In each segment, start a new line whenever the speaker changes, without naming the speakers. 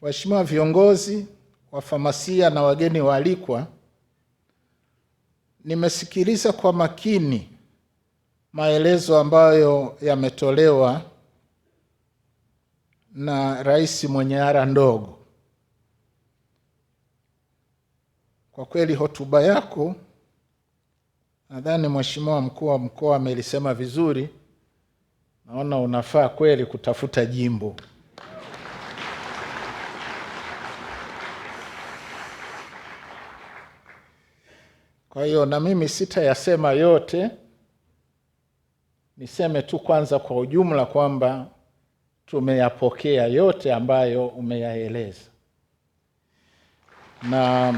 Waheshimiwa viongozi wa famasia na wageni waalikwa, nimesikiliza kwa makini maelezo ambayo yametolewa na rais mwenye ara ndogo. Kwa kweli hotuba yako, nadhani mheshimiwa mkuu wa mkoa amelisema vizuri, naona unafaa kweli kutafuta jimbo. Kwa hiyo na mimi sitayasema yote, niseme tu kwanza kwa ujumla kwamba tumeyapokea yote ambayo umeyaeleza, na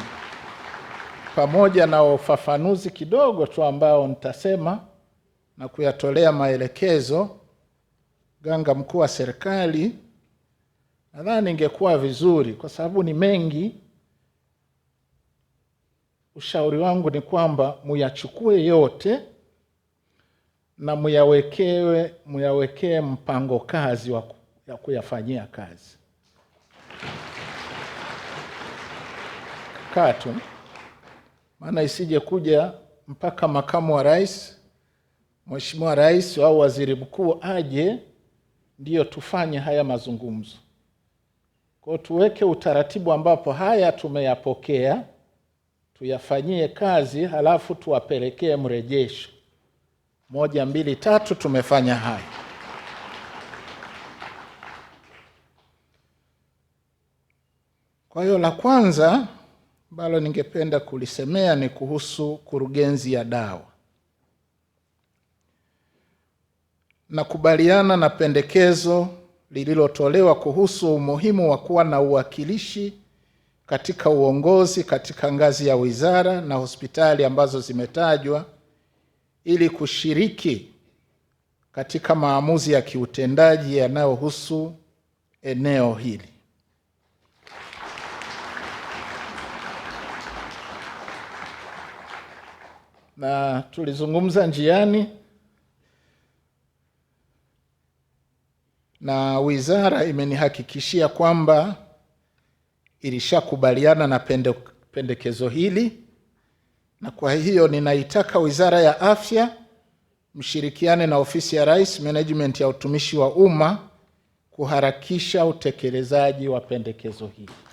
pamoja na ufafanuzi kidogo tu ambao nitasema na kuyatolea maelekezo ganga mkuu wa serikali. Nadhani ingekuwa vizuri kwa sababu ni mengi ushauri wangu ni kwamba muyachukue yote na muyawekewe muyawekee mpango kazi wa kuyafanyia kazi. katu, maana isije kuja mpaka makamu wa rais, mheshimiwa rais au waziri mkuu aje ndiyo tufanye haya mazungumzo. Kwao tuweke utaratibu ambapo haya tumeyapokea tuyafanyie kazi, halafu tuwapelekee mrejesho. Moja, mbili, tatu, tumefanya haya. Kwa hiyo la kwanza ambalo ningependa kulisemea ni kuhusu kurugenzi ya dawa. Nakubaliana na pendekezo lililotolewa kuhusu umuhimu wa kuwa na uwakilishi katika uongozi katika ngazi ya wizara na hospitali ambazo zimetajwa ili kushiriki katika maamuzi ya kiutendaji yanayohusu eneo hili. Na tulizungumza njiani na wizara imenihakikishia kwamba ilishakubaliana na pende, pendekezo hili, na kwa hiyo ninaitaka Wizara ya Afya mshirikiane na Ofisi ya Rais Management ya Utumishi wa Umma kuharakisha utekelezaji wa pendekezo hili.